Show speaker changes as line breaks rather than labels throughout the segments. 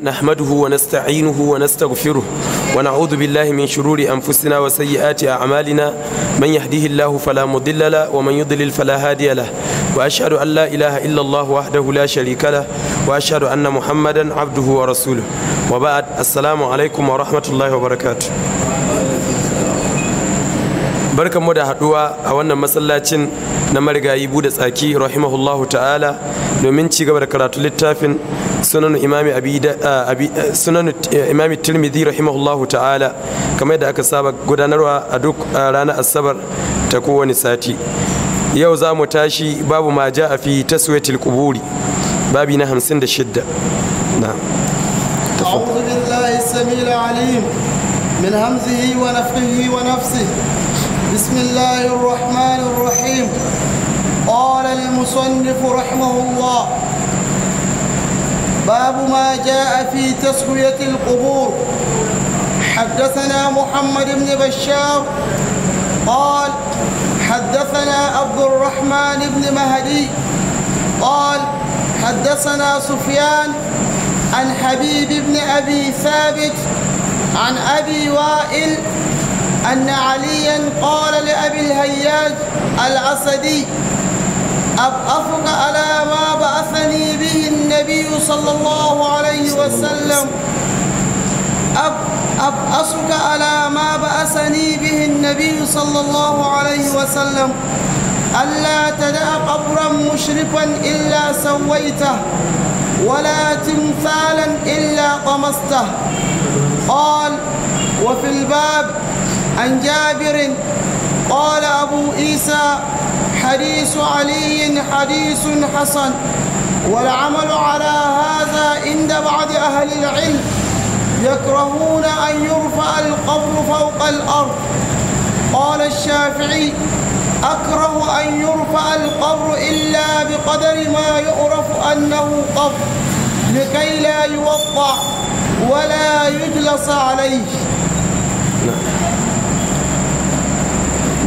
نحمده ونستعينه ونستغفره ونعوذ بالله من شرور أنفسنا وسيئات أعمالنا من يهديه الله فلا مضل له ومن يضلل فلا هادي له وأشهد أن لا إله إلا الله وحده لا شريك له وأشهد أن محمدا عبده ورسوله وبعد السلام عليكم ورحمة الله وبركاته barkanmu da haduwa a wannan masallacin na marigayi bude tsaki rahimahullahu ta'ala domin ci gaba da karatu littafin sunanu imami sunanu eh, imami tirmidhi rahimahullahu ta'ala kamar yadda aka saba gudanarwa a duk ranar asabar ta kowane sati yau za mu tashi babu ma ja a fi taswiyatil kuburi babi na hamsin da shidda
من همزه ونفخه ونفسه بسم الله الرحمن الرحيم قال المصنف رحمه الله باب ما جاء في تسوية القبور حدثنا محمد بن بشار قال حدثنا عبد الرحمن بن مهدي قال حدثنا سفيان عن حبيب بن أبي ثابت عن أبي وائل أن عليا قال لأبي الهياج الأسدي أبأفك على ما بعثني به النبي صلى الله عليه وسلم أبأسك على ما بعثني به النبي صلى الله عليه وسلم ألا تدع قبرا مشرفا إلا سويته ولا تمثالا إلا طمسته قال وفي الباب عن جابر قال أبو عيسى حديث علي حديث حسن والعمل على هذا عند بعض أهل العلم يكرهون أن يرفع القبر فوق الأرض قال الشافعي أكره أن يرفع القبر إلا بقدر ما يعرف أنه قبر لكي لا يوضع ولا يجلس عليه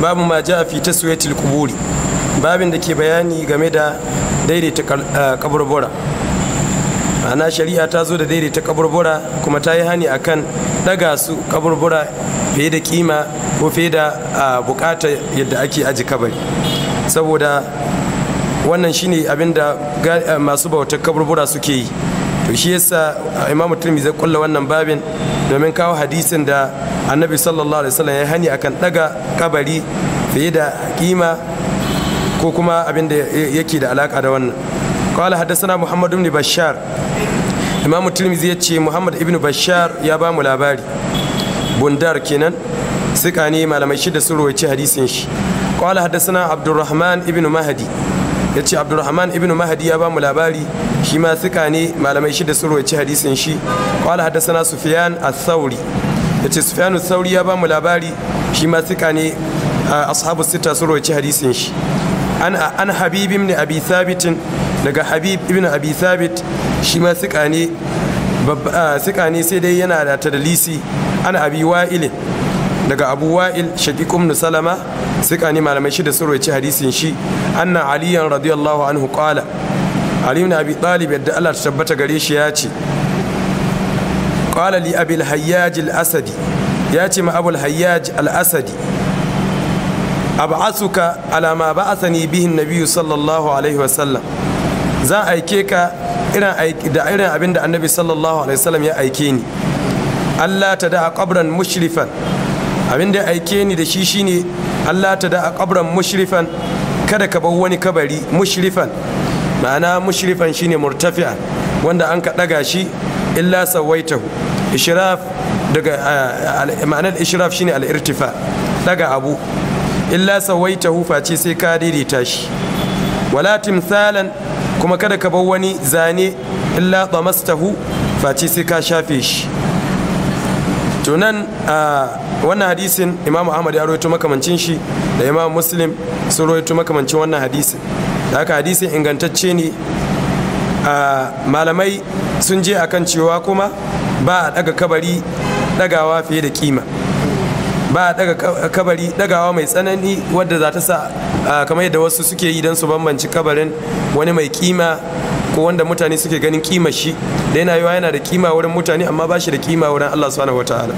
babu ma ja fi taswiyatil quburi babin da ke bayani game da daidaita kaburbura ana shari'a ta zo da daidaita kaburbura kuma ta yi hani akan daga su kaburbura fiye da kima ko fiye da bukata yadda ake aji kabari saboda wannan shine abin da masu bautar kaburbura suke yi to shi yasa imamu turmi zai kulla wannan babin domin kawo hadisin da annabi sallallahu alaihi wasallam ya hani akan daga kabari fiye da kima ko kuma abin da yake da alaka da wannan qala hadathana muhammad ibn bashar imam tirmidhi ya ce muhammad ibn bashar ya ba mu labari bundar kenan suka ne malamai shi da suruwa ci hadisin shi qala hadathana abdurrahman ibn mahdi ya ce abdurrahman ibn mahdi ya ba mu labari shi ma sika ne malamai shida sun roci hadisin shi qala sufiyan sufyan sauri ya ce sufiyan ath sauri ya ba mu labari shi ma sika ne ashabu sita sun roci hadisin shi an an habib ibn abi sabitin daga habib ibn abi sabit shi ma sika ne sika ne sai dai yana da dalisi an abi wa'il daga abu wa'il shaqiq ibn salama sika ne malamai shida sun roci hadisin shi anna aliyan radiyallahu anhu qala ali ibn abi talib yadda Allah ta tabbata gare shi ya ce qala li hayyaj al asadi ya ce ma abul hayyaj al asadi ab'asuka ala ma ba'athani bihi an biyu sallallahu alaihi wasallam zan aike ka da irin abin da annabi sallallahu alaihi wasallam ya aike ni Allah ta da a mushrifan abin da aike ni da shi shine Allah ta da a ƙabran mushrifan kada ka bar wani kabari mushrifan ma'ana mushrifan shine murtafi'a wanda an ka daga shi illa sawaitahu ishraf daga eh, ma'anar ishraf shine al-irtifa daga abu illa sawaitahu face sai ka daidaita shi wala timsalan kuma kada ka bar wani zane illa damastahu face sai ka shafe shi tunan nan wannan hadisin imam ahmad ya rawaito makamancin shi da imam muslim sun rawaito makamancin wannan hadisin da haka hadisi ingantacce ne malamai sun je akan cewa kuma ba a daga kabari dagawa fiye da kima ba a daga kabari dagawa mai tsanani wadda za ta sa kamar yadda wasu suke yi don su bambanci kabarin wani mai kima ko wanda mutane suke ganin kima shi da yana yiwa yana da kima wurin mutane amma ba shi da kima wurin Allah subhanahu ta'ala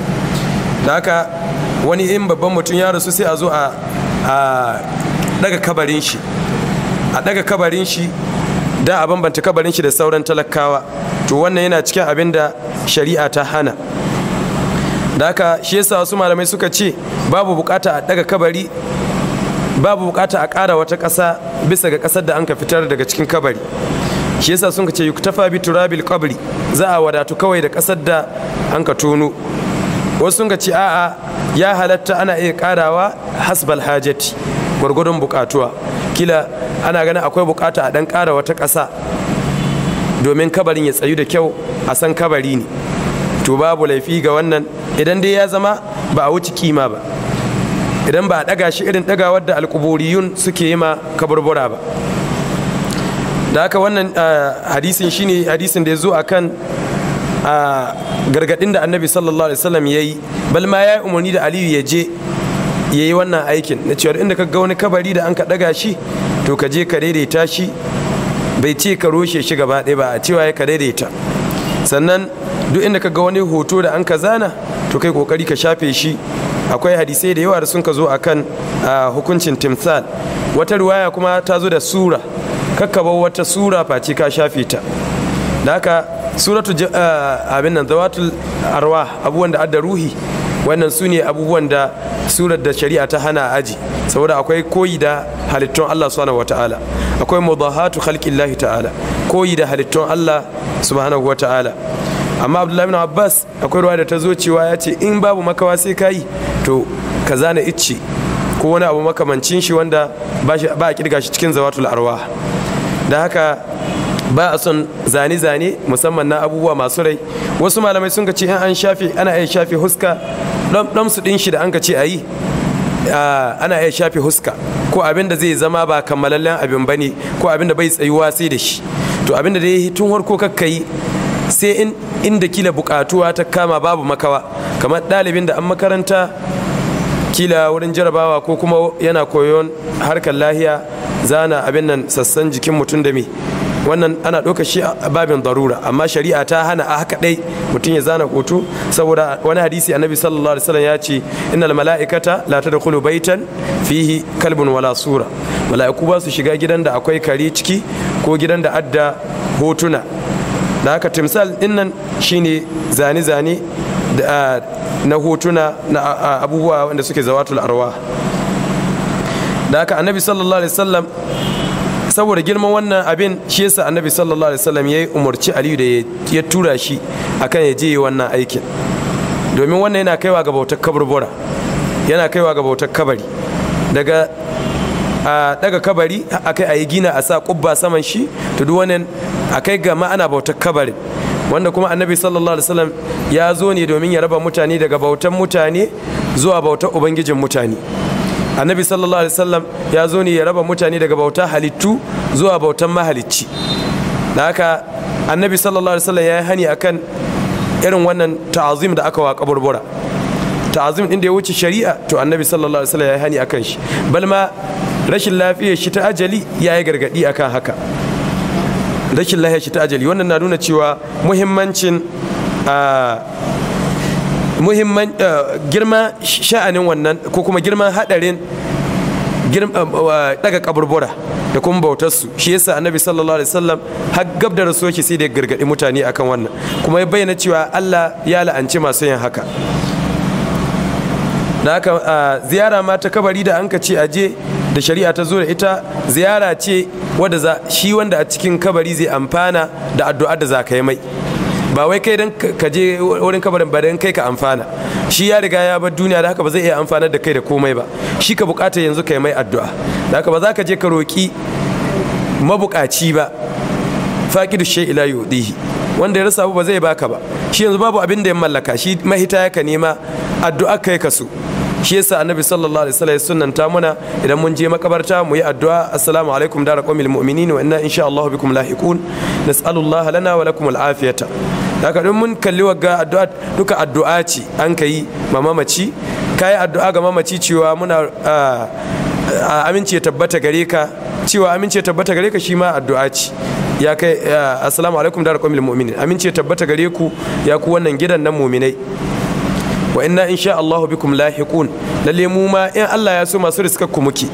da haka wani in babban mutum ya rasu sai a zo a daga kabarin shi a daga kabarin shi da a bambanta kabarin shi da sauran talakawa to wannan yana cikin abin da shari'a ta hana da haka shi yasa wasu malamai suka ce babu bukata a daga kabari babu bukata a ƙara wata ƙasa bisa ga ƙasar da an ka fitar daga cikin kabari shi yasa sun ka ce yuktafa bi turabil qabri za a wadatu kawai da ƙasar da an ka tono wasu sun ka ce a'a ya halatta ana iya ƙarawa hasbal hajati gwargwadon bukatuwa kila ana ganin akwai bukata a dan kara wata ƙasa domin kabarin ya tsayu da kyau a san kabari ne to babu laifi ga wannan idan dai ya zama ba a wuce kima ba idan ba a ɗaga shi irin ɗagawar da alkuburiyun suke yi ma kaburbura ba da haka wannan ah, hadisin shine hadisin da ya zo a kan ah, gargadin da annabi sallallahu alaihi wasallam ya yi Balma ya yi umarni da aliyu ya je ya yi wannan aikin na cewar inda ka ga wani kabari da an ka ɗaga shi to ka je ka daidaita shi bai ce ka roshe shi gaba ɗaya ba a cewa ya ka daidaita sannan duk inda ka ga wani hoto da an ka zana to kai kokari ka shafe shi akwai hadisai da yawa da sun ka zo akan hukuncin timsal wata ruwaya kuma ta zo da sura kakkaba wata sura face ka shafe ta da haka suratu abin nan zawatul arwa abubuwan da adda ruhi wannan su ne abubuwan da surar da shari'a ta hana aji saboda akwai koyi da halittun Allah subhanahu wata'ala akwai mudahatu khalqillahi ta'ala koyi da halittun Allah subhanahu wata'ala amma Abdullahi bin Abbas akwai ruwa da ta zo cewa ya ce in babu makawa sai kayi to ka zana icce ko wani abu makamancin shi wanda ba a kirga shi cikin zawatul arwa da haka ba a son zane-zane musamman na abubuwa masu rai wasu malamai sun ce in an shafe ana iya shafe huska ɗan su ɗin shi da an ka ce a yi ana iya shafe huska ko abin da zai zama ba kammalallen abin ba ne ko abin da bai tsayuwa sai da shi to abin da dai tun harko kakka yi sai inda kila bukatuwa ta kama babu makawa kamar ɗalibin da an makaranta kila wurin jarabawa ko kuma yana koyon harkar lahiya zana abin nan sassan jikin mutum da me wannan ana ɗauka shi a babin darura amma shari'a ta hana a haka ɗai mutum ya zana hoto saboda wani hadisi annabi sallallahu alaihi wasallam ya ce innal mala'ikata la tadkhulu baitan fihi kalbun wala sura mala'iku ba su shiga gidan da akwai kare ciki ko gidan da adda hotuna da haka timsal dinnan shine zane-zane na hotuna na abubuwa wanda suke zawatul arwa da haka annabi sallallahu alaihi wasallam saboda girman wannan abin shi yasa annabi sallallahu alaihi wasallam ya umarci aliyu da ya tura shi akan ya je wannan aikin domin wannan yana kaiwa ga bautar kaburbura yana kaiwa ga bautar kabari daga a daga kabari akai ayi gina a sa kubba saman shi to duk wannan akai ga ma'ana ana bautar kabarin wanda kuma annabi sallallahu alaihi wasallam ya zo ne domin ya raba mutane daga bautar mutane zuwa bautar ubangijin mutane annabi sallallahu alaihi wasallam ya zo ne ya raba mutane daga bautar halittu zuwa bautan mahalicci da haka annabi sallallahu alaihi wasallam ya yi hani akan irin wannan ta'azim da aka wa kaburbura ta'azim din da ya wuce shari'a to annabi sallallahu alaihi wasallam ya yi hani akan shi Balma rashin lafiyar shi ta ajali ya yi gargadi akan haka rashin lafiyar shi ta ajali wannan na nuna cewa muhimmancin ah, muhimman eh, girma sha'anin wannan ko kuma girman hadarin daga eh, kaburbura da kuma bautarsu shi yasa annabi sallallahu alaihi wasallam har gab da rasuwar sai da gargadi mutane akan wannan kuma ya bayyana cewa Allah ya la'anci masu yin haka na haka eh, ziyara ma ta kabari da an ka ce aje da shari'a ta zo da ita ziyara ce wadda shi wanda a cikin kabari zai amfana da addu'a da za yi mai ba wai kai dan ka je wurin kabarin ba dan kai ka amfana shi ya riga ya bar duniya da haka ba zai iya amfana da kai da komai ba shi ka bukata yanzu kai mai addu'a da haka ba za ka je ka roki mabukaci ba faqidu shai ila yudihi wanda ya rasa ba zai baka ba shi yanzu babu abin da ya mallaka shi mahita ya ka nema addu'a kai ka su shi yasa annabi sallallahu alaihi wasallam ya sunnanta muna idan mun je makabarta mu yi addu'a assalamu alaikum da raqamil mu'minin wa inna insha Allah bikum lahiqun nas'alullaha lana wa lakum al'afiyata daga don mun kalli wagga addu'a duka addu'a ce an kai ma mamaci kai addu'a ga mamaci cewa muna amince tabbata gare ka cewa amince tabbata gare ka shi ma addu'a ce ya kai assalamu alaikum da raqamil mu'minin amince tabbata gare ku ya ku wannan gidan nan mu'minai wa inna sha Allahu bikum lahiqun lalle mu ma in Allah ya so masu riskar ku muke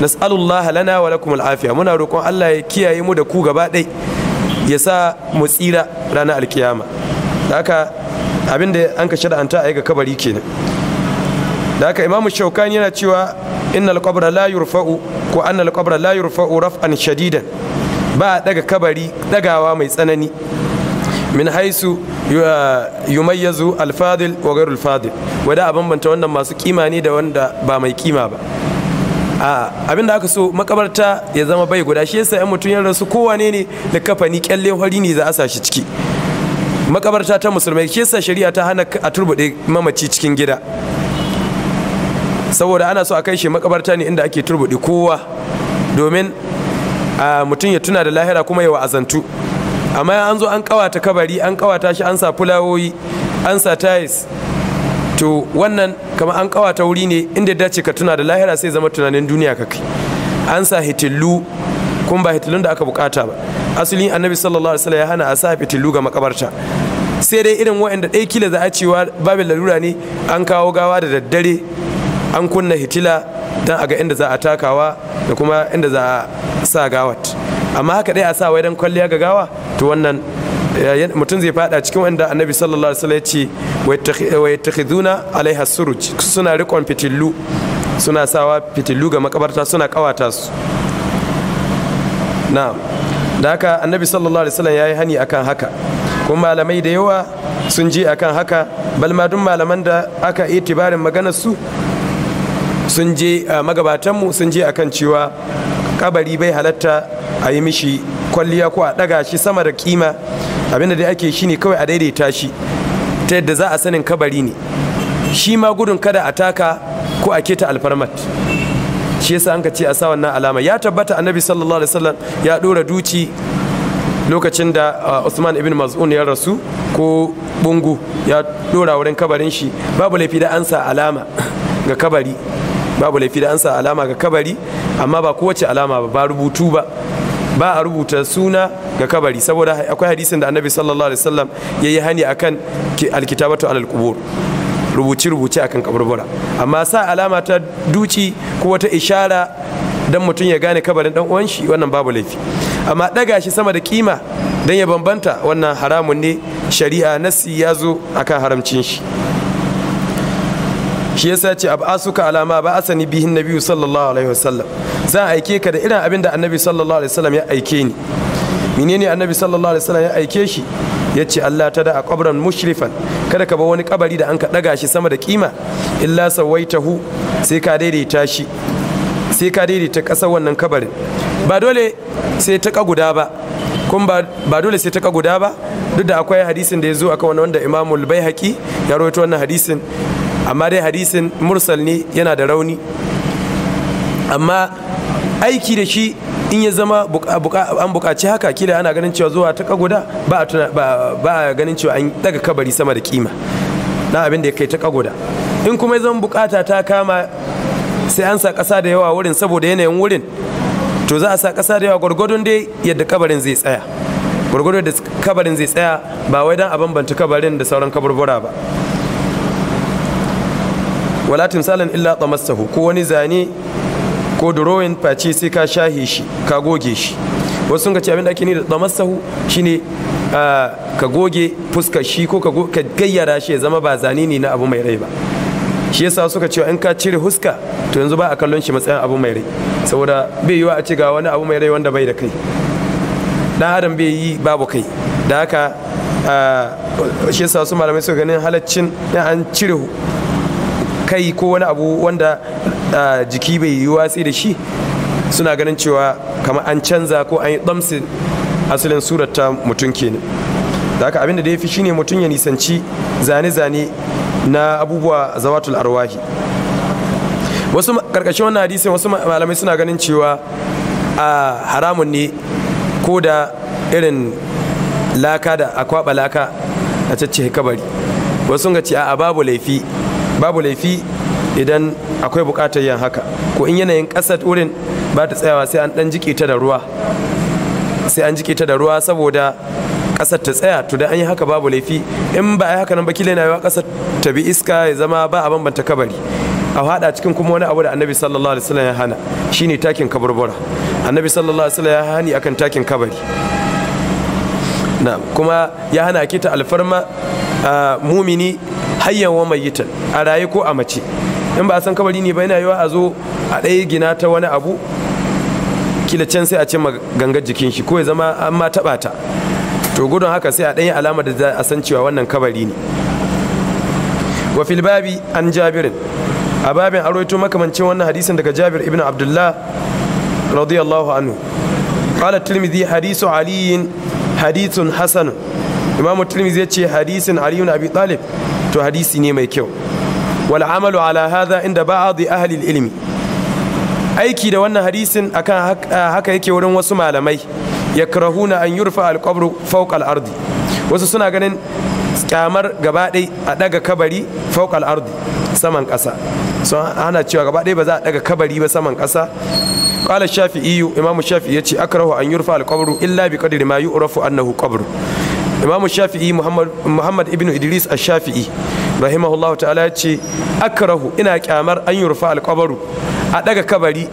nas'alullah lana wa lakum al'afiya muna roƙon Allah ya kiyaye mu da ku gaba ɗai ya sa mu tsira ranar alkiyama da haka abin da an ka shar'anta a ga kabari kenan da haka imamu shaukani yana cewa inna alqabra la yurfa'u ko anna alqabra la yurfa'u raf'an shadidan ba daga kabari dagawa mai tsanani min haisu ah, yumayyazu alfadil wa gairu fadil wadda a bambanta wannan masu kima ne da wanda ba mai kima ba abin da aka so makabarta ya zama bai guda shi yasa yan mutum ya rasu kowane ne da kafani kyalle hori ne za a sa ciki makabarta ta musulmai shi yasa shari'a ta hana a turbuɗe mamaci cikin gida saboda ana so a kai shi makabarta ne inda ake turbuɗe kowa domin ah, mutum ya tuna da lahira kuma ya wa'azantu amma an zo an kawata kabari an kawata shi an sa fulawoyi an sa tiles to wannan kama an kawata wuri ne inda dace ka tuna da lahira sai zama tunanin duniya ka kai an sa hitillu kuma ba hitilun da aka bukata ba asalin annabi sallallahu alaihi wasallam ya hana a sa hitillu ga makabarta sai dai irin waɗanda ɗaya kila za a cewa babin larura ne an kawo gawa da daddare an kunna hitila don a ga inda za a takawa da kuma inda za a sa gawat amma haka dai a sa wai dan kwalliya ga gawa to wannan mutum zai fada cikin wanda annabi sallallahu alaihi wasallam ya ce wa yattakhiduna alaiha suruj suna rikon fitillu suna sawa fitillu ga makabarta suna kawata su na'am da haka annabi sallallahu alaihi wasallam yayi hani akan haka kuma malamai da yawa sun ji akan haka ma duk malaman da aka itibarin maganar su sun je magabatanmu sun je akan cewa kabari bai halatta a yi mishi kwalliya ko a ɗaga shi sama da kima abinda da ake shi ne kawai a daidaita shi ta yadda za a sanin kabari ne shi ma gudun kada a taka ko a keta alfarmat shi yasa an ka ce a sa wannan alama ya tabbata annabi sallallahu alaihi wasallam ya dora duci lokacin da Usman ibn Maz'un ya rasu ko bungu ya dora wurin kabarin shi babu laifi da an alama ga kabari babu laifi da an alama ga kabari amma ba kowace alama ba ba rubutu ba ba a rubuta suna ga kabari saboda akwai hadisin da annabi sallallahu alaihi wasallam ya yi hani akan alkitabatu alal qubur rubuce rubuce akan kaburbura amma sa alama ta duci ko wata ishara dan mutum ya gane kabarin dan uwan shi wannan babu laifi amma daga shi sama da kima dan ya bambanta wannan haramun ne shari'a nasi ya zo akan haramcin shi shi yasa ce asuka alama ba asani bihin nabi sallallahu alaihi wasallam zan aike ka da irin abin da annabi sallallahu alaihi wasallam ya aike ni menene annabi sallallahu alaihi wasallam ya aike shi ya ce Allah ta da a ƙwabran mushrifan kada ka ba wani kabari da an ka daga shi sama da kima illa sawaitahu sai ka daidaita shi sai ka daidaita kasar wannan kabarin ba dole sai ta guda ba kun ba dole sai ta guda ba duk da akwai hadisin da ya zo akan wannan wanda Imamul bai baihaqi ya rawaito wannan hadisin amma dai hadisin mursal ne yana da rauni amma aiki da shi in ya zama an bukaci haka kila ana ganin cewa zuwa ta kagoda ba a ganin cewa an daga kabari sama da kima na abin da ya kai ta kagoda in kuma ya zama bukata ta kama sai an sa ƙasa da yawa wurin saboda yanayin wurin to za a sa kasa da yawa gwargwadon dai yadda kabarin zai tsaya gwargwadon da kabarin zai tsaya ba wai don a bambanta kabarin da sauran kaburbura ba wala timsalan illa tamassahu ko wani zane ko drawing face sai ka shahe shi ka goge shi wasu sun ce abin da ake ni da tamassahu shine ka goge fuskar shi ko ka gayyara shi ya zama ba zane ne na abu mai rai ba shi yasa suka cewa in ka cire huska to yanzu ba a kallon shi matsayin abu mai rai saboda bai yiwa a ci ga wani abu mai rai wanda bai da kai dan adam bai yi babu kai da haka shi yasa su malamai suka ganin halaccin an cire kai ko wani abu wanda jiki bai yi watsi da shi suna ganin cewa kamar an canza ko an yi damsi asalin surata mutum mutum ne, da haka abinda da ya fi shine mutum ya nisanci zane-zane na abubuwa zawatul arwahi wasu karkashin wannan hadisin wasu malamai suna ganin cewa a haramun ne ko da irin laka da akwaba laka a cacce kabari wasu ga ce a babu laifi babu laifi idan akwai buƙatar yin haka ko in yanayin kasar wurin ba ta tsayawa sai an ɗan jike ta da ruwa sai an jike ta da ruwa saboda ƙasar ta tsaya to da an yi haka babu laifi in ba a yi haka nan ba na yana yiwa ƙasar ta bi iska ya zama ba a bambanta kabari a haɗa cikin kuma wani abu da annabi sallallahu alaihi wasallam ya hana shine takin kaburbura annabi sallallahu alaihi wasallam ya hani akan takin kabari na kuma ya hana kita alfarma mumini hayyan wa mayitan a raye ko a mace in ba a san kabari ne ba yana yiwa a zo a ɗaya gina ta wani abu kila can sai a ce gangar jikin shi ko ya zama an ma taɓa ta to gudun haka sai a ɗaya alamar da za a san cewa wannan kabari ne wa fil an jabirin a babin a roito makamancin wannan hadisin daga jabir ibn abdullah radiyallahu anhu qala tirmidhi hadisu aliyin hadithun hasanun imamu tirmidhi ya ce hadisin ali ibn abi talib to hadisi ne mai kyau wal amalu ala hadha inda ba'd ahli al ilmi aiki da wannan hadisin a akan haka yake wurin wasu malamai yakrahuna an yurfa al qabru fawqa al ardi wasu suna ganin kyamar gaba ɗai a ɗaga kabari fawqa ardi saman ƙasa so ana cewa gaba ba za a ɗaga kabari ba saman ƙasa qala shafi'i imamu shafi'i yace akrahu an yurfa al illa bi qadri ma yu'rafu annahu qabru imamu shafi'i muhammad ibn idris a shafi'i rahimahullahu ta'ala ya ce akrahu ina kyamar an rufa alkabaru a daga kabari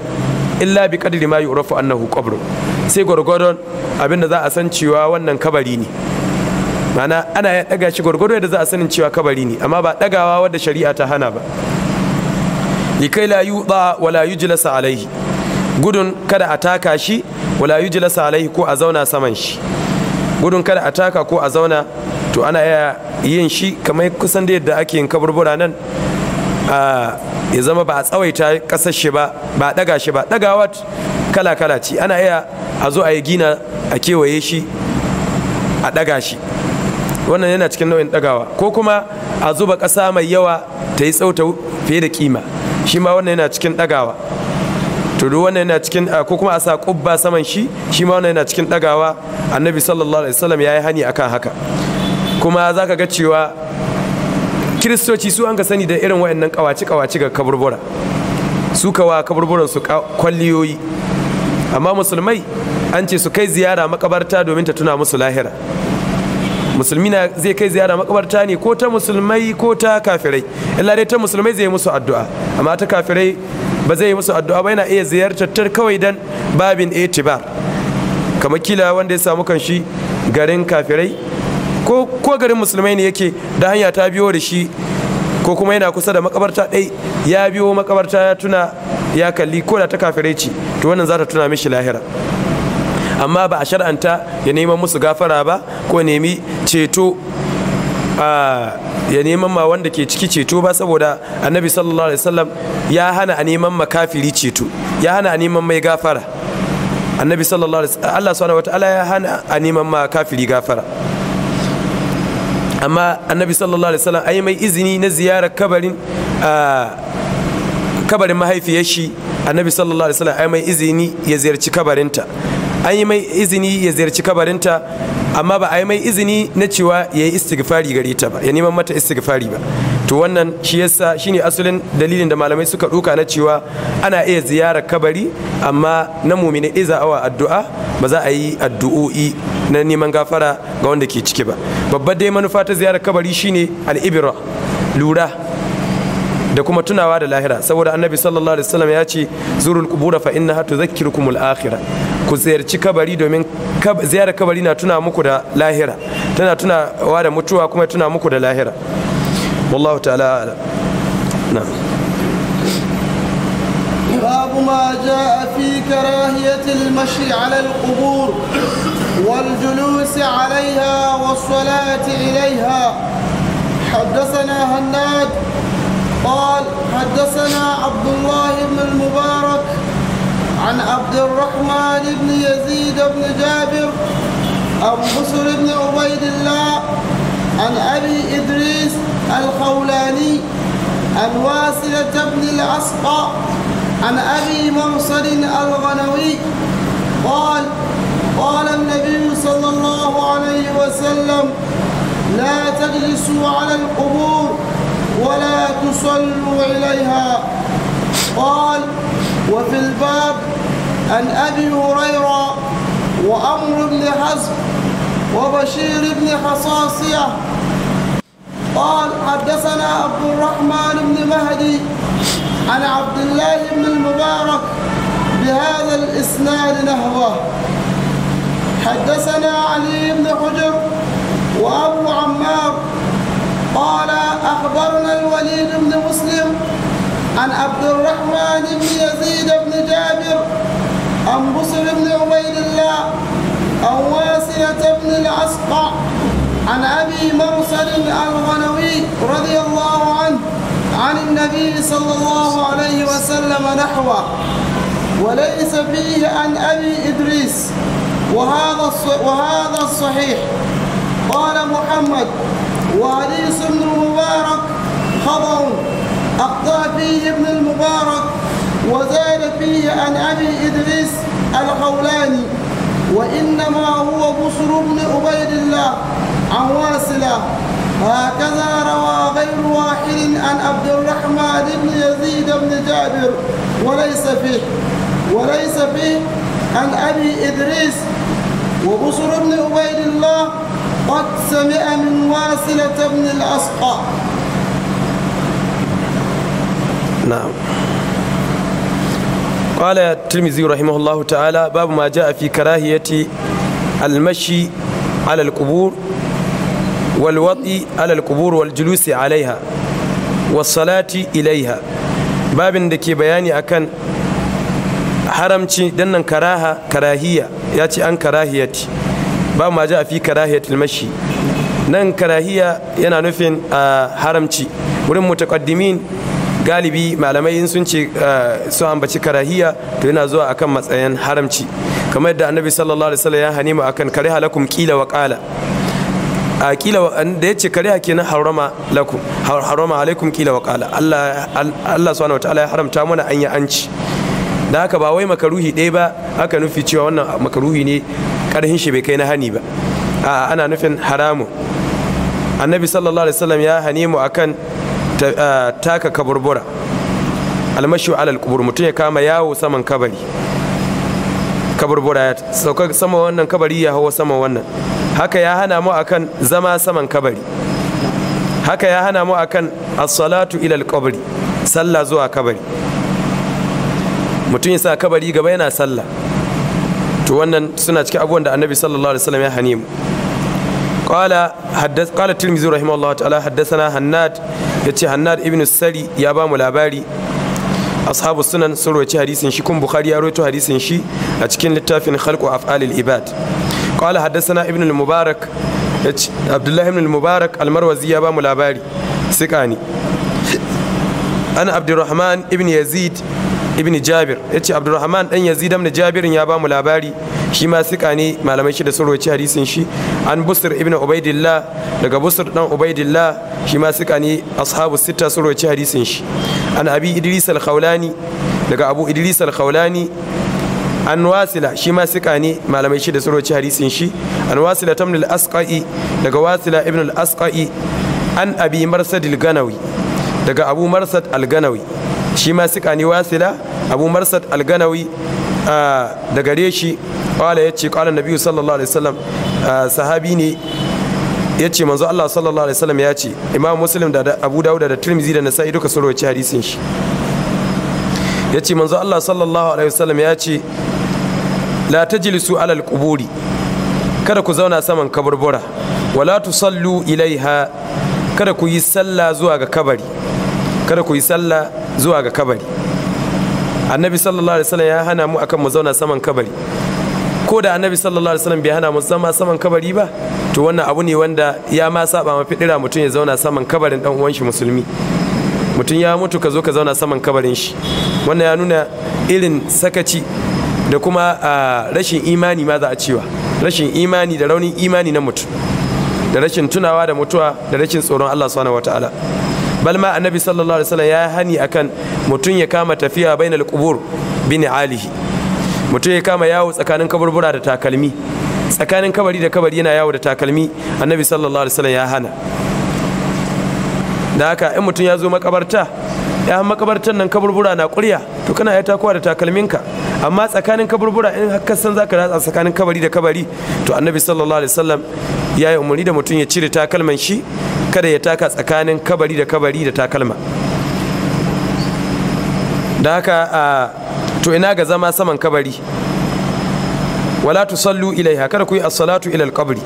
illa bi kadiri ma annahu qabru sai gwargwadon abinda za a san cewa wannan kabari ne mana ana ya daga shi gwargwado da za a sanin cewa kabari ne amma ba dagawa wadda shari'a ta hana ba kai la yuda wala yujlasa alaihi gudun kada a taka shi wala yujlasa alaihi ko a zauna saman shi gudun kada a taka ko a zauna to ana iya yin shi kamar kusan da yadda ake yin kaburbura nan ya zama ba a tsawaita kasar shi ba ba daga shi ba wat kala kala ce ana iya a zo a yi gina a kewaye shi a daga shi wannan yana cikin nau'in dagawa ko kuma a zuba kasa mai yawa ta yi tsauta fiye da kima shi ma wannan yana cikin dagawa to duk wannan yana cikin ko kuma a sa kubba saman shi shi ma wannan yana cikin dagawa annabi sallallahu alaihi wasallam yayi hani akan haka kuma zaka ga cewa kiristoci su an ka sani da irin wayannan kawaci kawaci ga kaburbura su kawa kaburburan su kwalliyoyi amma musulmai an ce su kai ziyara makabarta domin ta tuna musu lahira musulmi na zai kai ziyara makabarta ne ko ta musulmai ko ta kafirai illa dai ta musulmai zai musu addu'a amma ta kafirai ba zai yi musu addu'a ba yana iya ziyartar tar kawai dan babin itibar kamar kila wanda ya samu kanshi garin kafirai ko garin musulmai ne yake da hanya ta biyo da shi ko kuma yana kusa da makabarta ɗai ya biyo makabarta ya tuna ya kalli ko da ta kafirai ce to wannan za ta tuna mishi lahira amma ba a shar'anta ya neman musu gafara ba ko nemi ceto ya neman ma wanda ke ciki ceto ba saboda annabi sallallahu alaihi wasallam ya hana a neman ma kafiri ceto ya hana a neman mai gafara annabi sallallahu alaihi wasallam Allah subhanahu wataala ya hana a neman ma kafiri gafara amma annabi sallallahu alaihi wasallam ai mai izini na ziyarar kabarin kabarin mahaifiyar shi annabi sallallahu alaihi wasallam ai mai izini ya ziyarci kabarinta an yi mai izini ya ziyarci kabarinta amma ba a yi mai izini na cewa ya yi istighfari gare ta ba ya neman mata istighfari ba to wannan shi yasa shine asalin dalilin da malamai suka duka na cewa ana iya ziyara kabari amma na mumini iza awa addu'a ba za a yi addu'o'i na neman gafara ga wanda ke ciki ba babbar dai manufa ta ziyarar kabari shine al'ibira lura da kuma tunawa da lahira saboda annabi sallallahu alaihi wasallam ya ce zurul qubura fa innaha tudhakkirukumul akhirah ku ziyarci kabari domin ziyarar kabari na tuna muku da lahira tana tunawa da mutuwa kuma tuna muku da lahira wallahu ta'ala na'am
باب ما جاء في كراهية المشي على القبور والجلوس عليها والصلاة إليها حدثنا هناد قال حدثنا عبد الله بن المبارك عن عبد الرحمن بن يزيد بن جابر عن بسر بن عبيد الله عن أبي إدريس الخولاني عن واسلة بن الأسقى عن أبي مرصد الغنوي قال قال النبي صلى الله عليه وسلم لا تجلسوا على القبور ولا تصلوا إليها قال وفي الباب عن أبي هريرة وأمر بن حزم وبشير بن حصاصية قال حدثنا عبد الرحمن بن مهدي عن عبد الله بن المبارك بهذا الإسناد نهوه حدثنا علي بن حجر وأبو عمار قال أخبرنا الوليد بن مسلم عن عبد الرحمن بن يزيد بن جابر عن بصر بن عبيد الله عن واسلة بن العسقع عن أبي مرسل الغنوي رضي الله عنه عن النبي صلى الله عليه وسلم نحوه وليس فيه عن أبي إدريس وهذا وهذا الصحيح قال محمد وعلي بن المبارك خبر أخطأ فيه ابن المبارك وزاد فيه عن أبي إدريس الخولاني وإنما هو بصر بن عبيد الله عن واصلة هكذا روى غير واحد عن عبد الرحمن بن يزيد بن جابر وليس فيه وليس فيه عن أبي إدريس وبصر بن عبيد الله قد سمع من واصلة بن الأسقى
نعم قال الترمذي رحمه الله تعالى باب ما جاء في كراهية المشي على القبور والوطي على القبور والجلوس عليها والصلاة إليها باب دكي بياني أكن حرمتي haramci كراها كراهية ياتي أن كراهيتي ba ma a fi karahiyatul mashi nan karahiya yana nufin haramci wurin mutaqaddimin galibi malamai sun ce su ambaci karahiya to yana zuwa akan matsayin haramci kamar yadda annabi sallallahu alaihi wasallam ya hanima akan kariha lakum qila wa qala a kila da yace kare kenan harama lakum harama alaikum kila wa qala Allah Allah subhanahu wataala ya haramta mana anya yi anci da haka ba wai makaruhi ɗaya ba aka nufi cewa wannan makaruhi ne ƙarhin shi bai kai na hani ba a ana nufin haramu annabi sallallahu alaihi wasallam ya hane mu akan taka kaburbura almashi alal kubur mutum ya kama yawo saman kabari kaburbura ya sauka sama wannan kabari ya hawa sama wannan haka ya hana mu akan zama saman kabari haka ya hana mu akan as-salatu ila al-qabri sallah zuwa kabari mutum ya sa kabari gaba yana sallah to wannan suna cikin abubuwan da annabi sallallahu alaihi wasallam ya hane mu qala haddath qala tirmidhi rahimahullahu ta'ala haddathana hannad yace hannad ibn sari ya ba mu labari ashabu sunan sun roci hadisin shi kun bukhari ya roto hadisin shi a cikin littafin khalq wa af'alil ibad qala haddathana ibn al mubarak yace abdullah ibn al mubarak al marwazi ya ba mu labari sikani ana abdurrahman ibn yazid ibn jabir ya ce abdurrahman dan yazid ibn jabirin ya ba mu labari shi ma sika ne malamai shi da sun roci hadisin shi an busr ibn ubaidillah daga busr dan ubaidillah shi ma sika ne ashabu sita sun roci hadisin shi an abi idris al-khawlani daga abu idris al-khawlani an wasila shi ma sika ne malamai shi da sun roci hadisin shi an wasila tamnil asqai daga wasila ibn al-asqai an abi marsad al-ganawi daga abu marsad al-ganawi shi ma suka ne wasila abu marsad alganawi ah, da gare shi kwala ya ce kwala nabi sallallahu alaihi wasallam ah, sahabi ne ya ce manzo Allah sallallahu alaihi wasallam ya ce imam muslim da abu dawud da tirmizi da nasa'i duka sun roci hadisin shi ya ce manzo Allah sallallahu alaihi wasallam ya ce la tajlisu alal quburi kada ku zauna saman kaburbura wala tusallu ilaiha kada ku yi sallah zuwa ga kabari kada ku yi sallah zuwa ga kabari annabi sallallahu alaihi wasallam ya hana mu akan mu zauna saman kabari ko da annabi sallallahu alaihi wasallam bai hana mu zama saman kabari ba to wannan abu ne wanda ya ma saba ma fidira mutum ya zauna saman kabarin dan uwan shi musulmi mutum ya mutu ka zo ka zauna saman kabarin shi wannan ya nuna irin sakaci da kuma rashin imani ma za a cewa rashin imani da raunin imani na mutum da rashin tunawa da mutuwa da rashin tsoron Allah subhanahu wataala balma annabi sallallahu alaihi wasallam ya hani akan mutum ya kama tafiya bainal qubur bin alihi mutum ya kama yawo tsakanin kaburbura da takalmi tsakanin kabari da kabari yana yawo da takalmi annabi sallallahu alaihi wasallam ya hana da haka in mutum ya zo makabarta ya makabartan nan kaburbura na kurya to kana ya takuwa da takalminka amma tsakanin kaburbura in har san zaka ratsa tsakanin kabari da kabari to annabi sallallahu alaihi wasallam ya yi umarni da mutum ya cire takalman shi kada ya taka tsakanin kabari da kabari da takalma da haka to ina ga zama saman kabari wala tusallu ilaiha kada ku yi as-salatu ila al-qabri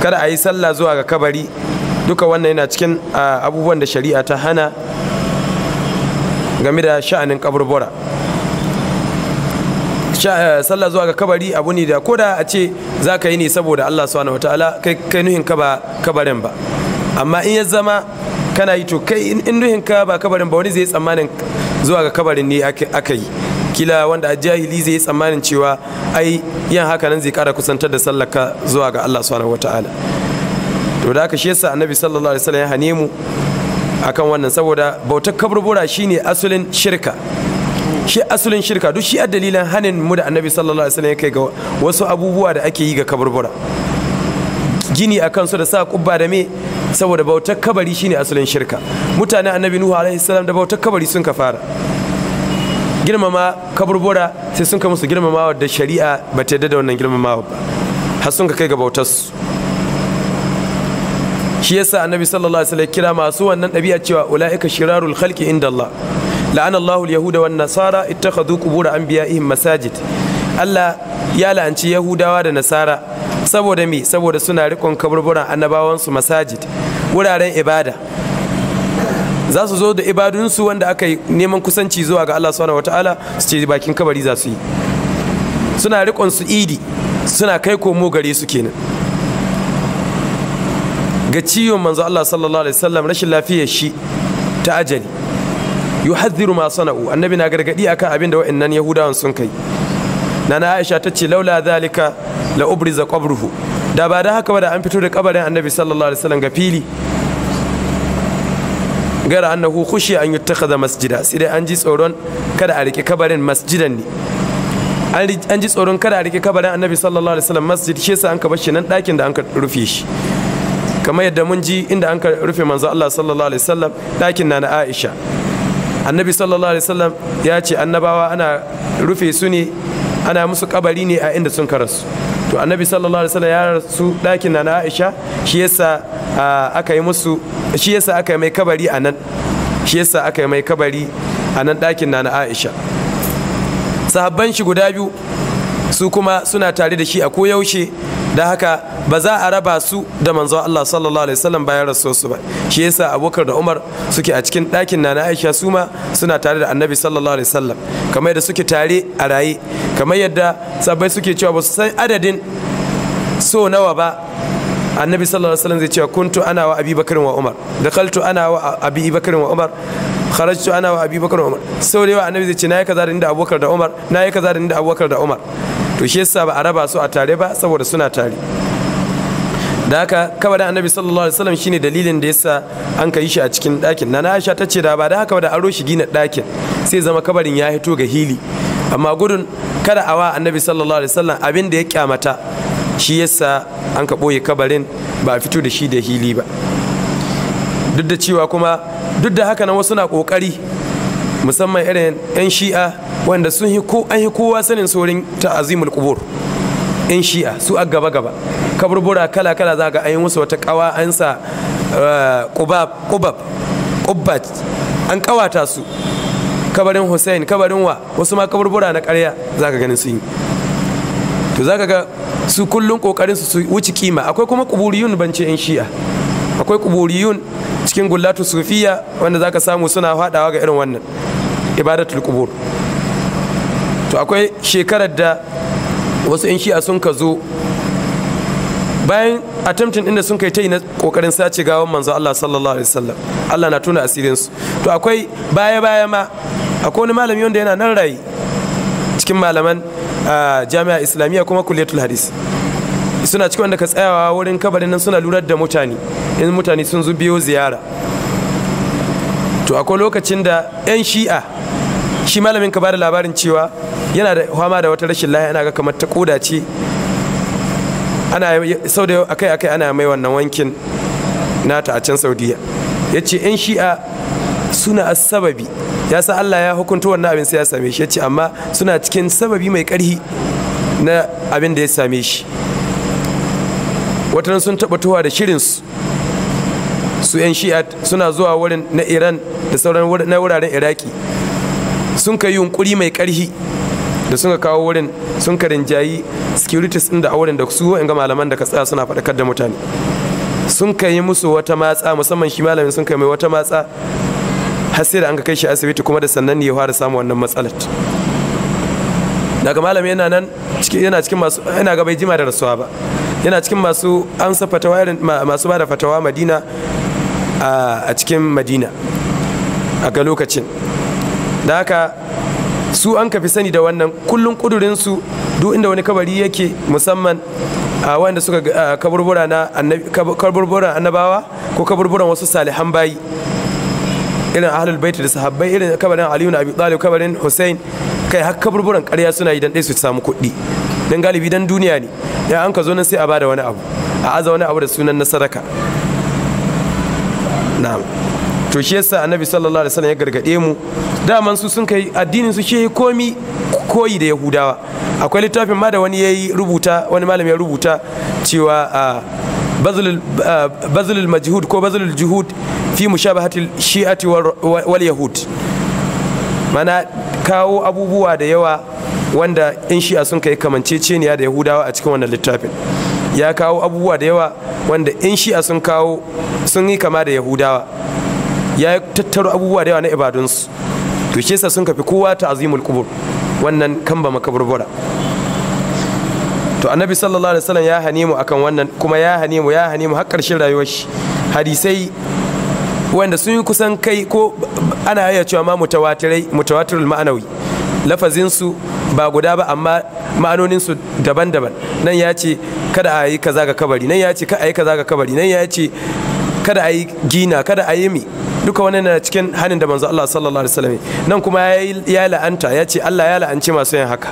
kada a yi sallah zuwa ga kabari duka wannan yana cikin abubuwan da shari'a ta hana game da sha'anin kaburbura eh, sallah zuwa ga kabari abu ne da koda a ce za ka yi ne saboda Allah na wataala kai kai nuhin ka ba kabarin ba amma in ya zama kana yi to kai in nuhin ka ba kabarin ba wani zai tsammanin zuwa ga kabarin ne aka yi kila wanda a jahili zai tsammanin cewa ai yin haka nan zai kara kusantar da sallaka ka zuwa ga Allah na wataala to da aka shi yasa annabi sallallahu alaihi wasallam ya hane mu akan wannan saboda bautar kaburbura shine asulin shirka shi asulin shirka duk shi a dalilan hanin mu da annabi sallallahu alaihi wasallam ya kai ga wasu abubuwa da ake yi ga kaburbura gini a kansu da sa kubba da me saboda bautar kabari shine asulin shirka mutane annabi nuhu alaihi salam da bautar kabari sun ka fara girmama kaburbura sai sun ka musu girmamawa da shari'a ba ta yadda da wannan girmamawa ba har sun ka kai ga bautar su shi yasa annabi sallallahu alaihi wasallam kira masu wannan dabi'a cewa ulaika shirarul khalqi inda Allah la'ana Allahul yahuda wan nasara ittakhadhu qubur anbiya'ihim masajid Allah ya la'anci yahudawa da nasara saboda me saboda suna rikon kaburburan annabawansu masajid wuraren ibada za su zo da ibadunsu wanda aka yi neman kusanci zuwa ga Allah subhanahu wataala su ce bakin kabari za su yi suna rikon su idi suna kai komo gare su kenan ga ciwon manzo Allah sallallahu alaihi wasallam rashin lafiyar shi ta ajali yuhadhiru ma sana'u annabi na gargadi akan abin da wa'annan yahudawan sun kai nana Aisha ta ce laula zalika la ubriza qabruhu da ba da haka ba da an fito da kabarin annabi sallallahu alaihi wasallam ga fili gara annahu khushi an yuttakhadha masjida sai dai an ji tsoron kada a rike kabarin masjidan ne an ji tsoron kada a rike kabarin annabi sallallahu alaihi wasallam masjid shi yasa an ka bar shi nan dakin da an ka rufe shi kamar yadda mun ji inda an rufe manzo Allah sallallahu alaihi wasallam ɗakin na na Aisha annabi sallallahu alaihi wasallam ya ce annabawa ana rufe su ne ana musu kabari ne a inda sun karasu to annabi sallallahu alaihi wasallam ya rasu ɗakin na na Aisha shi yasa aka yi musu shi yasa aka yi mai kabari a nan shi yasa aka yi mai kabari a nan ɗakin na na Aisha sahabban shi guda biyu su kuma suna tare da shi a koyaushe da haka ba za a raba su da manzo Allah sallallahu alaihi wasallam bayan su ba shi yasa abokar da Umar suke a cikin ɗakin Nana Aisha su ma suna tare da Annabi sallallahu alaihi wasallam kamar yadda suke tare a raye kamar yadda sabbai suke cewa ba su san adadin so nawa ba annabi sallallahu alaihi wasallam zai cewa kuntu ana wa abi bakar wa umar da kaltu ana wa abi bakar wa umar kharajtu ana wa abi bakar wa umar sau da yawa annabi zai ce na yi kaza da inda abubakar da umar na yi kaza da inda abubakar da umar to shi yasa ba a raba su a tare ba saboda suna tare da haka kawai da annabi sallallahu alaihi wasallam shine dalilin da yasa an kai shi a cikin ɗakin nana aisha ta ce da ba da haka ba da aro shi gina ɗakin sai zama kabarin ya hito ga hili amma gudun kada a wa annabi sallallahu alaihi wasallam abin da ya kyamata shi yasa an ka ɓoye kabarin ba a fito da shi da hili ba duk da cewa kuma duk da haka nan wasu na kokari. musamman irin 'yan shi'a wanda sun yi kowa sanin saurin ta azimul kubur 'yan shi'a su a gaba gaba kaburbura kala kala za ga an yi musu wata kawa an sa kubab eh, kubbat an kawata su kabarin hussein kabarin wa wasu ma kaburbura na karya za ka ganin sun yi to za ka ga su kullum kokarin su wuce kima akwai kuma kuburiyun bance 'yan shi'a akwai kuburiyun cikin gullatu sufiya wanda za ka samu suna fadawa ga irin wannan ibadatul qubur to akwai shekarar da wasu in shi'a sun ka zo bayan attempting inda sun kai ta yi na kokarin sace gawan manzo Allah sallallahu alaihi wasallam Allah na tuna asirin su to akwai baya baya ma akwai wani malami wanda yana nan rai cikin malaman jami'a islamiyya kuma kulliyatul hadis suna cikin wanda ka tsayawa wurin kabarin nan suna lura da mutane in mutane sun zo biyo ziyara to akwai lokacin da 'yan shi'a shi malamin ka bada labarin cewa yana da fama da wata rashin lahiya yana ga kamar ta koda ce ana sau da akai akai ana mai wannan wankin nata a can saudiya ya ce yan shi'a suna sababi ya sa allah ya hukunta wannan abin sai ya same shi ya ce amma suna cikin sababi mai karhi na abin da ya same shi watanan sun taɓa tuwa da shirinsu su 'yan shi'a suna zuwa wurin na iran da sauran na wuraren iraki sun ka yi yunkuri mai karhi da sun ka kawo wurin sun ka rinjayi securities din da a wurin da su ga malaman da ka tsaya suna faɗakar da mutane sun ka yi musu wata matsa musamman shi malamin sun ka mai wata matsa har sai da an ka kai shi asibiti kuma da sannan ne ya fara samu wannan matsalar daga malami yana nan yana cikin masu yana ga bai jima da rasuwa ba yana cikin masu ansa fatawa irin masu bada fatawa madina a cikin madina a ga lokacin da haka su an kafi sani da wannan kullum kudurinsu duk inda wani kabari yake musamman a wanda suka kaburbura na kaburburan annabawa ko kaburburan wasu salihan bayi irin ahlul baiti da sahabbai irin kabarin aliyu na abi talib kabarin hussein kai har kaburburan ƙarya suna yi dan dai su samu kuɗi dan galibi dan duniya ne ya an ka zo nan sai a bada wani abu a aza wani abu da sunan na sadaka na'am to shi yasa annabi sallallahu alaihi wasallam ya gargade mu daman su sun kai addinin su shi komi koyi da yahudawa akwai littafin ma da wani ya rubuta wani malami ya rubuta cewa bazlul majhud ko bazlul juhud fi mushabahati shi'ati wal yahud mana kawo abubuwa da yawa wanda in shi'a sun kai kamanceceniya da yahudawa a cikin wannan littafin ya kawo abubuwa da yawa wanda in shi'a sun kawo sun yi kama da yahudawa ya tattaro abubuwa da yawa na ibadunsu to shi yasa sun kafi kowa ta azimul kubur wannan kan ba makaburbura to annabi sallallahu alaihi wasallam ya hane mu akan wannan kuma ya hane mu ya hane mu har karshen rayuwar shi hadisai wanda sun yi kusan kai ko ana iya cewa ma mutawatirai mutawatirul ma'anawi lafazin su ba guda ba amma ma'anonin su daban-daban nan ya ce kada a yi kaza ga kabari nan ya ce kada a yi kaza ga kabari nan ya ce kada a yi gina kada a yi mi duka wani na cikin hannun da manzo Allah sallallahu alaihi wasallam nan kuma ya la'anta ya ce Allah ya la'anci masu yin haka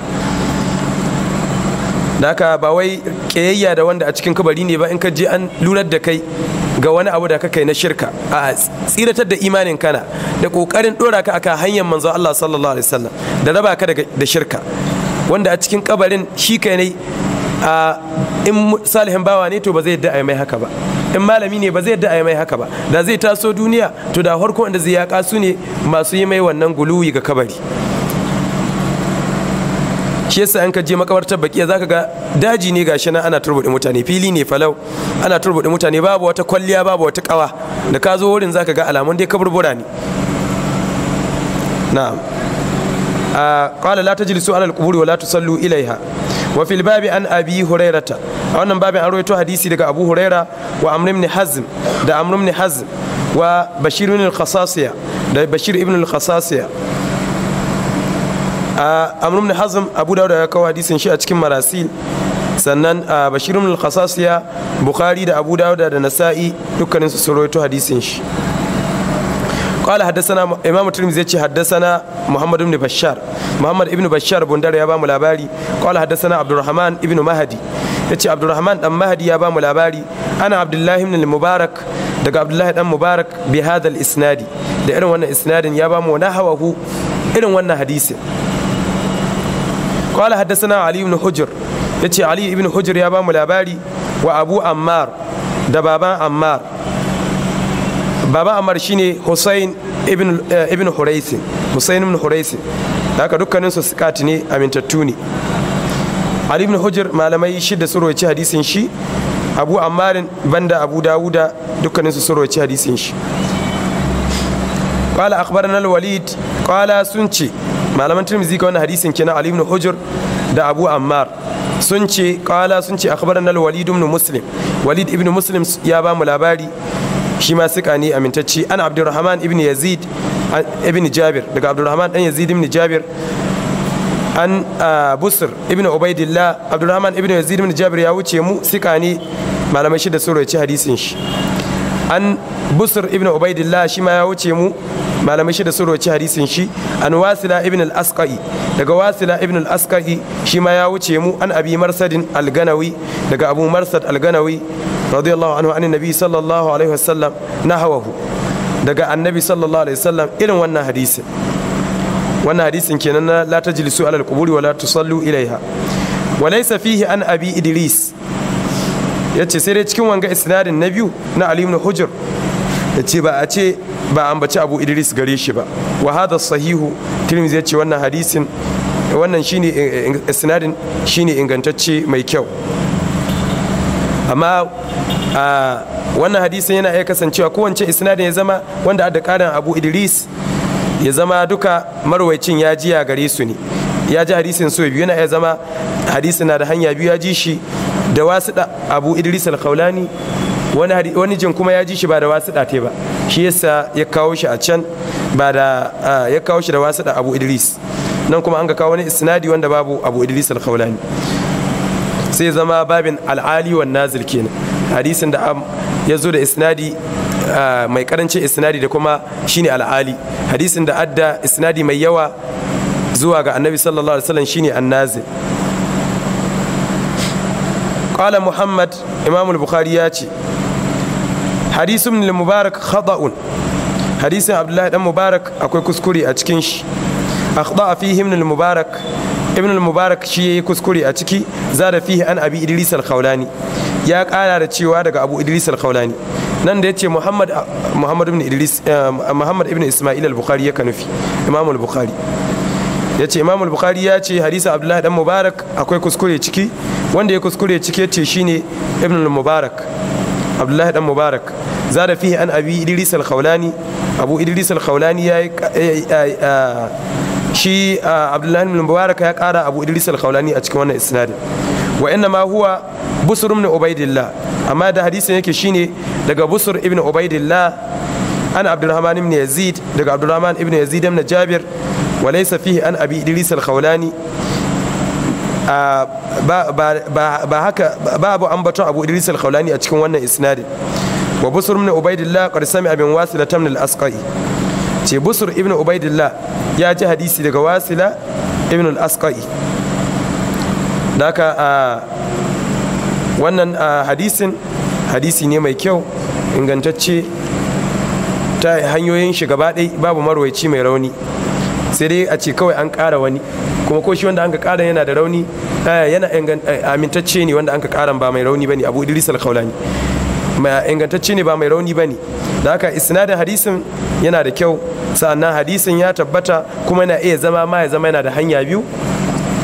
da haka ba wai kiyayya da wanda a cikin kabari ne ba in ka je an lurar da kai ga wani abu da ka kai na shirka a tsiratar da imanin kana da kokarin dora ka akan hanyar manzo Allah sallallahu alaihi wasallam da raba ka da shirka wanda a cikin kabarin shi kai ne in salihin bawa ne to ba zai yadda a mai haka ba in malami ne ba zai yadda a yi mai haka ba da zai taso duniya to da harko inda zai yaƙa su ne masu yi mai wannan guluwi ga kabari shi yasa an ka je makabartar bakiya zaka ga daji ne gashi nan ana turbuɗe mutane fili ne falau ana turbuɗe mutane babu wata kwalliya babu wata kawa da ka zo wurin zaka ga alamun dai kaburbura ne na'am qala la tajlisu ala alquburi wa la tusallu ilaiha wa fil babi an abi hurairata a wannan babin an rawaito hadisi daga abu huraira wa amr ibn hazm da amr ibn hazm wa bashir ibn bashir ibn al-khasasiya amr ibn hazm abu dawud ya kawo hadisin shi a cikin marasi sannan a bashirun al-khasasiya bukhari da abu da nasa'i dukkaninsu sun rawaito hadisin shi قال حدثنا امام الترمذي يجي حدثنا محمد بن بشار محمد ابن بشار بندر يا ba لاباري قال حدثنا عبد الرحمن ابن مهدي يجي عبد الرحمن دان مهدي يا بامو لاباري انا عبد الله بن المبارك دغ عبد الله دان مبارك بهذا الاسناد da irin wannan isnadin ya bamu nahwahu irin wannan hadisi ibn حدثنا ya ce حجر ibn علي ya حجر labari wa abu Ammar da Baban Ammar. baba amar shine hussein ibn eh, ibn huraisin hussein ibn huraisin da haka dukkanin su sukati ne amintattu ne ali ibn hujjar malamai shida su roci hadisin shi abu ammarin banda abu dawuda dukkanin su roci hadisin shi qala akhbarana na walid sun ce, malaman tirmidhi ka wannan hadisin kenan ali ibn hujjar da abu ammar sun ce kwala sun ce akhbarana na walid ibn muslim walid ibn muslim ya ba mu labari shi ma sika ni amintacci ana abdurrahman ibn yazid ibn jabir daga abdurrahman dan yazid ibn jabir an busr ibn ubaidillah abdurrahman ibn yazid ibn jabir ya wuce mu sika ni malamai shida sun roci hadisin shi an busr ibn ubaidillah shi ma ya wuce mu malamai da sun roci hadisin shi an wasila ibn al-asqai daga wasila ibn al-asqai shi ma ya wuce mu an abi marsadin al-ganawi daga abu marsad al-ganawi radiyallahu anhu an nabi sallallahu alaihi wasallam nahawahu daga annabi sallallahu alaihi wasallam irin wannan hadisin wannan hadisin kenan na la tajlisu alal quburi wa la tusallu ilaiha wa laysa fihi an abi idris yace sai dai cikin wanga isnadin na biyu na ali ibn hujr yace ba a ce ba an ambaci abu idris gare shi ba wa hada sahihu tirmizi ya ce wannan hadisin wannan shine eh, isnadin shine ingantacce mai kyau amma wannan hadisin yana iya kasancewa kowace isnadin ya zama wanda da karin abu idris ya zama duka marwaicin ya jiya gare su ne ya ji hadisin so biyu yana iya zama hadisin na da hanya biyu ya ji shi da wasu abu idris al wani jin kuma ya ji shi ba da wasu ɗate ba shi yasa ya kawo shi a can ba da ya kawo shi da wasu da abu idris nan kuma an ga kawo wani isnadi wanda babu abu idris al-khawlani sai zama babin al'ali wa nazil kenan hadisin da ya zo da isnadi mai karancin isnadi da kuma shine al'ali hadisin da adda isnadi mai yawa zuwa ga annabi sallallahu alaihi wasallam shine annazil qala muhammad imamul bukhari ya ce hadisun mubarak khata'un hadisin abdullahi dan mubarak akwai kuskure a cikin shi akhta fi al mubarak ibn mubarak shi yayi kuskure a ciki zada fihi an abi idris al-khawlani ya kara da cewa daga abu idris al-khawlani nan da yace muhammad muhammad ibn idris eh, muhammad ibn isma'il al-bukhari ya kanufi imam al-bukhari yace imam al-bukhari ya ce abdullahi dan mubarak akwai kuskure ciki wanda ya kuskure ciki yace shine ibn al-mubarak abdullahi dan mubarak zada fihi an abi idris al-khawlani abu idris al-khawlani yayi shi abdullahi bin mubarak ya kara abu idris al-khawlani a cikin wannan isnadin wa inna ma huwa busur ibn ubaidillah amma da hadisin yake shine daga busur ibn ubaidillah an abdurrahman ibn yazid daga abdurrahman ibn yazid ibn jabir wa laysa fihi an abi idris al-khawlani ba haka babu ambaton abu idris al-khawlani a cikin wannan isnadin wa busur ibn ubaidillah qad sami'a bin wasila tamn al-asqai ce busur ibn ubaidillah ya ji hadisi daga wasila ibn al-asqai daga wannan hadisin hadisi ne mai kyau ingantacce ta hanyoyin shi gaba ɗai babu marwaici mai rauni sai dai a ce kawai an ƙara wani kuma ko shi wanda an ka karan yana da rauni eh, yana eh, amintacce ne wanda an ka karan ba mai rauni bane abu idris al-khawlani mai ingantacce ne ba mai rauni bane da haka isnadin hadisin yana da kyau sannan hadisin ya tabbata kuma yana iya zama ma ya zama yana da hanya biyu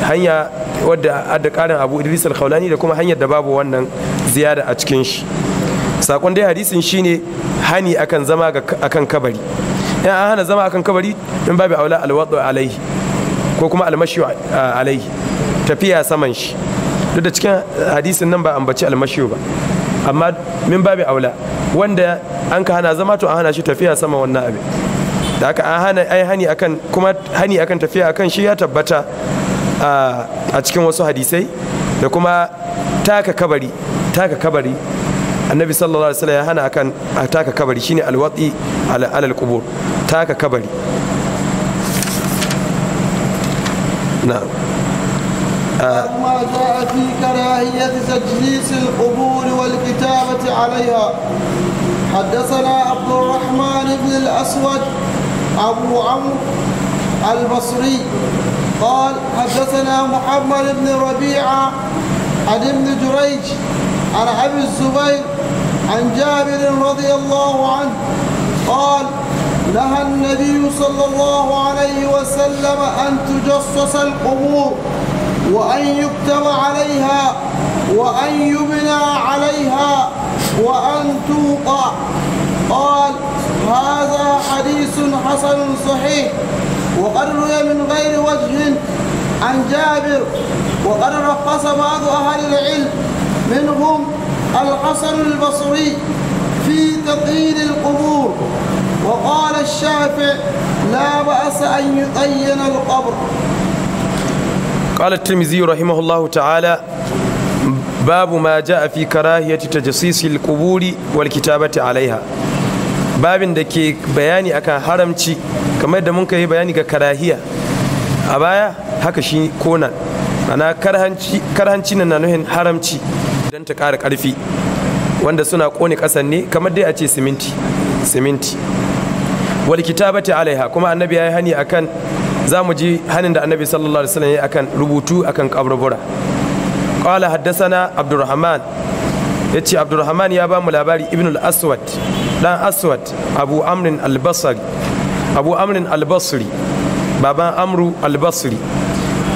hanya wadda adda karin abu idris al da kuma hanyar da babu wannan ziyara a cikin shi sakon dai hadisin shine hani akan zama akan kabari in an hana zama akan kabari in babu aula alwadu alaihi ko kuma almashi alai tafiya saman shi duk da cikin hadisin nan ba ambaci almashi ba amma min babu aula wanda an ka hana zama to an hana shi tafiya sama wannan abin da aka, an hana ai hani akan kuma hani akan tafiya akan shi ya tabbata a cikin wasu hadisai da kuma taka kabari taka kabari annabi sallallahu alaihi wasallam ya hana akan taka kabari shine alwati ala alal taka kabari
نعم آه. ما جاء في كراهية تجليس القبور والكتابة عليها حدثنا عبد الرحمن بن الأسود أبو عمرو البصري قال حدثنا محمد بن ربيعة عن ابن جريج عن أبي الزبير عن جابر رضي الله عنه قال نهى النبي صلى الله عليه وسلم أن تجصص القبور وأن يكتب عليها وأن يبنى عليها وأن توقع قال هذا حديث حسن صحيح وقد روي من غير وجه عن جابر وقد رقص بعض أهل العلم منهم الحسن البصري في تقييد القبور وقال الشافعي لا بأس أن ta'ala
babu ma الترمذي رحمه الله تعالى باب ما جاء في كراهية تجسيس القبور والكتابة عليها babin da ke bayani akan haramci kamar da mun kai bayani ga karahiya a baya haka shi konan ana karhanci na nuhin haramci don ta ƙara ƙarfi wanda suna ƙone ƙasan ne kamar dai a ce siminti wal kitabati alaiha kuma annabi ya yi hani akan za ji hanin da annabi sallallahu alaihi wasallam ya akan rubutu akan kaburbura qala haddathana abdurrahman yace abdurrahman ya ba mu labari ibnu al-aswad dan aswad abu amrin al-basri abu amrin al-basri baban amru al-basri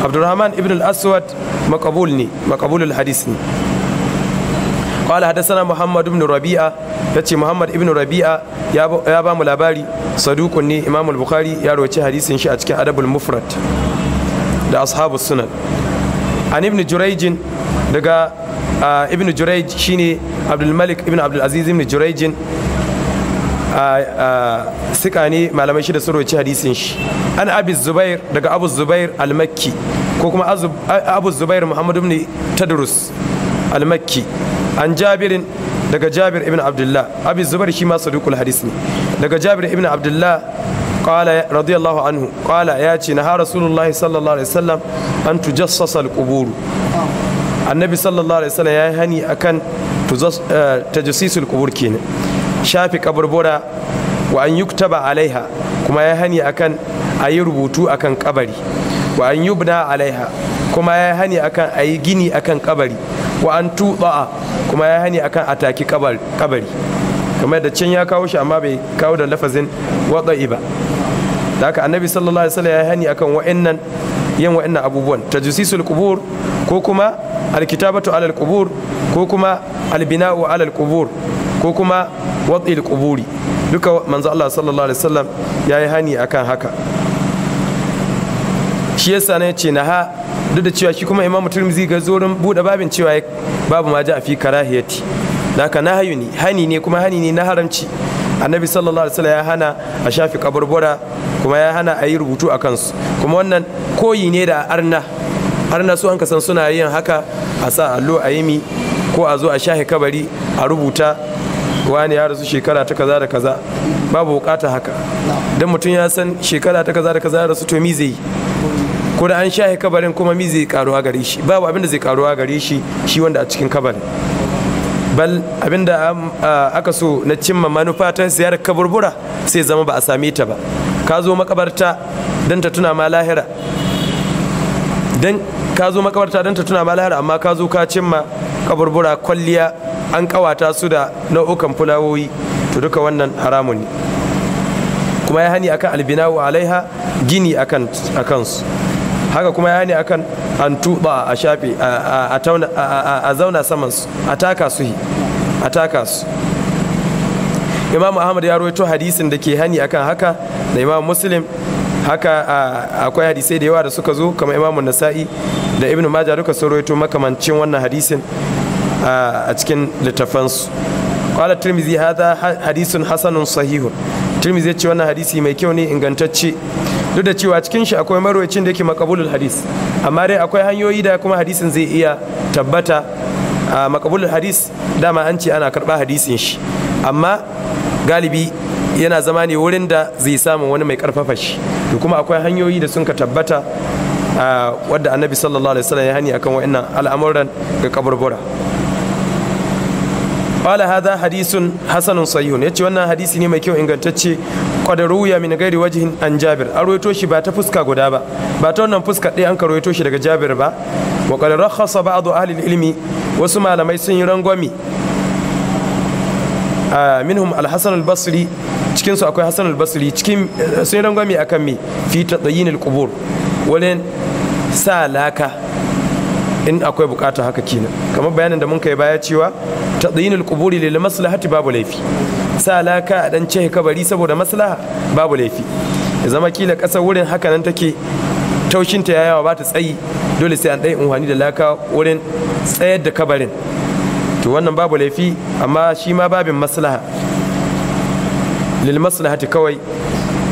abdurrahman ibn al-aswad makabul ne makabulul qala hadathana muhammad ibn rabi'a ce muhammad ibn rabi'a ya ba mu labari saduqun ne imam al-bukhari ya roci hadisin shi a cikin adabul mufrad da ashabu sunan an ibn jurayj daga ibn jurayj shine abdul malik ibn Abdulaziz aziz ibn jurayj sika ne malamai shida sun roci hadisin shi an abi zubair daga abu zubair al-makki ko kuma abu zubair Muhammadu ibn tadrus al-makki an jabirin daga jabir ibn abdullah Abin zubar shi ma saduqul hadis ne daga jabir ibn abdullah qala radiyallahu anhu qala ya ce na rasulullah sallallahu alaihi wasallam an tujassasa al-qubur annabi sallallahu alaihi wasallam ya yi hani akan tajassasul qubur kenan shafi kaburbura wa an yuktaba alaiha kuma ya hani akan a yi rubutu akan kabari wa an yubna alaiha kuma ya hani akan a yi gini akan kabari wa an kuma ya hani akan ataki kabari kamar da can ya kawo shi amma bai kawo da lafazin wada'i ba da haka annabi sallallahu alaihi wasallam ya hani akan wa'annan yin wa'annan abubuwan tajsisul qubur ko kuma alkitabatu alal qubur ko kuma albina'u alal kubur ko kuma wad'il kuburi duka manzo Allah sallallahu alaihi wasallam ya yi hani akan haka shi yasa ne ce na ha duk da cewa shi kuma imamu turmizi ga zorin buɗe babin cewa babu ma ji a fi karahiyati naka na hayu ne hani ne kuma hani ne na haramci annabi sallallahu alaihi wasallam ya hana a shafi kaburbura kuma ya hana a yi rubutu a kansu kuma wannan koyi ne da arna arna su an kasan suna yin haka a sa allo a yimi ko a zo a shafi kabari a rubuta wani ya rasu shekara ta kaza da kaza babu bukata haka dan mutum ya san shekara ta kaza da kaza ya rasu to mi zai yi ko da an shahe kabarin kuma mi zai karuwa gare shi babu abin da zai karuwa gare shi shi wanda a cikin kabarin bal abinda um, uh, aka so na cimma manufa ta ziyarar kaburbura sai zama ba a same ta ba ka zo makabarta don ta tuna ma lahira don ka zo makabarta don ta tuna ma lahira amma ka zo ka cimma kaburbura kwalliya an kawata su da nau'ukan fulawoyi to duka wannan haramun ne kuma ya hani akan albinawu alaiha gini akan su haka kuma ya ne akan an tuba a shafe a zauna saman su a taka su a taka su imam ahmad ya rawaito hadisin da ke hani akan haka da imam muslim haka akwai hadisai da yawa da suka zo kamar imam nasa'i da ibn majah duka sun rawaito makamancin wannan hadisin a cikin littafansu qala Turmizi hada hadisun hasanun sahihun Turmizi ya ce wannan hadisi mai kyau ne ingantacce duk da cewa cikin shi akwai marwacin da yake makabulul hadis amma dai akwai hanyoyi da kuma hadisin zai iya tabbata a makabulul hadis dama an ce ana karɓa hadisin shi amma galibi yana zama ne wurin da zai samu wani mai karfafa shi to kuma akwai hanyoyi da sun ka tabbata a wadda annabi sallallahu alaihi wasallam ya hani akan wa'annan al'amuran ga kaburbura qala hadha hadithun hasanun sahihun yace wannan hadisi ne mai kyau ingantacce qad min gairi wajhin an jabir a ruwaito shi ba ta fuska guda ba ba ta wannan fuska ɗaya an ka ruwaito shi daga jabir ba wa qad rakhasa ba'd ahli ilimi wasu malamai sun yi rangwami minhum alhassan hasan al-basri cikin su akwai hasan albasiri cikin sun yi rangwami akan mi fi ta al-qubur wurin sa laka in akwai bukata haka kenan kamar bayanin da mun kai baya cewa tadayyin al-quburi lilimasu lahati babu laifi sa laka a dan cehe kabari saboda maslaha babu laifi ya zama kila kasar wurin haka nan take taushinta ya yawa ba ta tsayi dole sai an ɗaya unhani da laka wurin tsayar da kabarin to wannan babu laifi amma shi ma babin maslaha lil maslahati kawai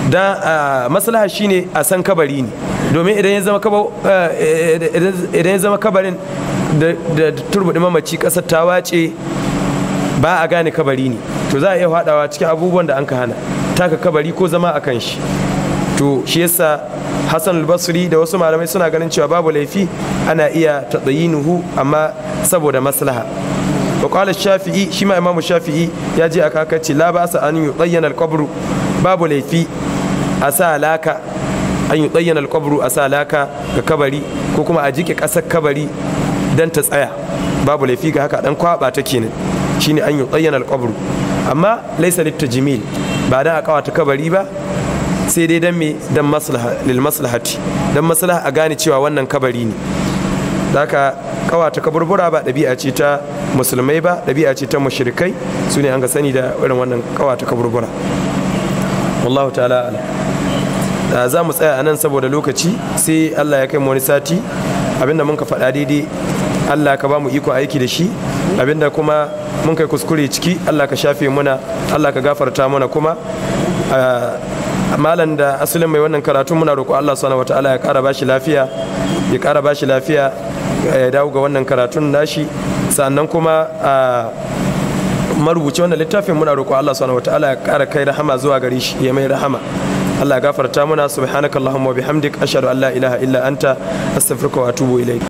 dan maslaha shine a san kabari ne domin idan ya zama idan ya zama kabarin da turbuɗi mamaci ƙasar ta wace ba a gane kabari ne to za a iya hadawa cikin abubuwan da an ka hana taka kabari ko zama a kanshi shi to shi yasa hassan al-Basri da wasu malamai suna ganin cewa babu laifi ana iya tatsayinuhu amma saboda maslaha wa shafi'i shi ma imamu shafi'i ya je a kakace la an yi tsayyana alkwabru babu laifi a sa alaka an yi tsayyana alkwabru a sa alaka ga kabari ko kuma a jike ƙasar kabari don ta tsaya babu laifi ga haka ɗan kwaba ta kenan shine an yi tsayyana alƙabru amma litta jimil ba dan a kawata kabari ba sai dai dan me dan maslaha lil maslahati dan maslaha a gane cewa wannan kabari ne haka kawata kaburbura ba ɗabi'a ce ta musulmai ba ɗabi'a ce ta mushrikai su ne an ga sani da irin wannan kawata kaburbura wallahu ta'ala za mu tsaya a nan saboda lokaci sai allah ya kai mu wani sati abinda mun ka faɗa daidai allah ka ba mu iko aiki da shi abinda kuma mun kai kuskure ciki Allah ka shafe muna Allah ka gafarta muna kuma ah, malam da asalin mai wannan karatu muna roƙo Allah wa ta'ala ya ƙara bashi lafiya ya ƙara bashi lafiya eh, ya dawo ga wannan karatun nashi sannan kuma ah, marubuci wannan littafin muna roƙo Allah wa ta'ala ya ƙara kai rahama zuwa gari shi ya mai rahama Allah ya gafarta muna subhanakallahumma wa bihamdik ashhadu an la ilaha illa anta astaghfiruka wa atubu ilayk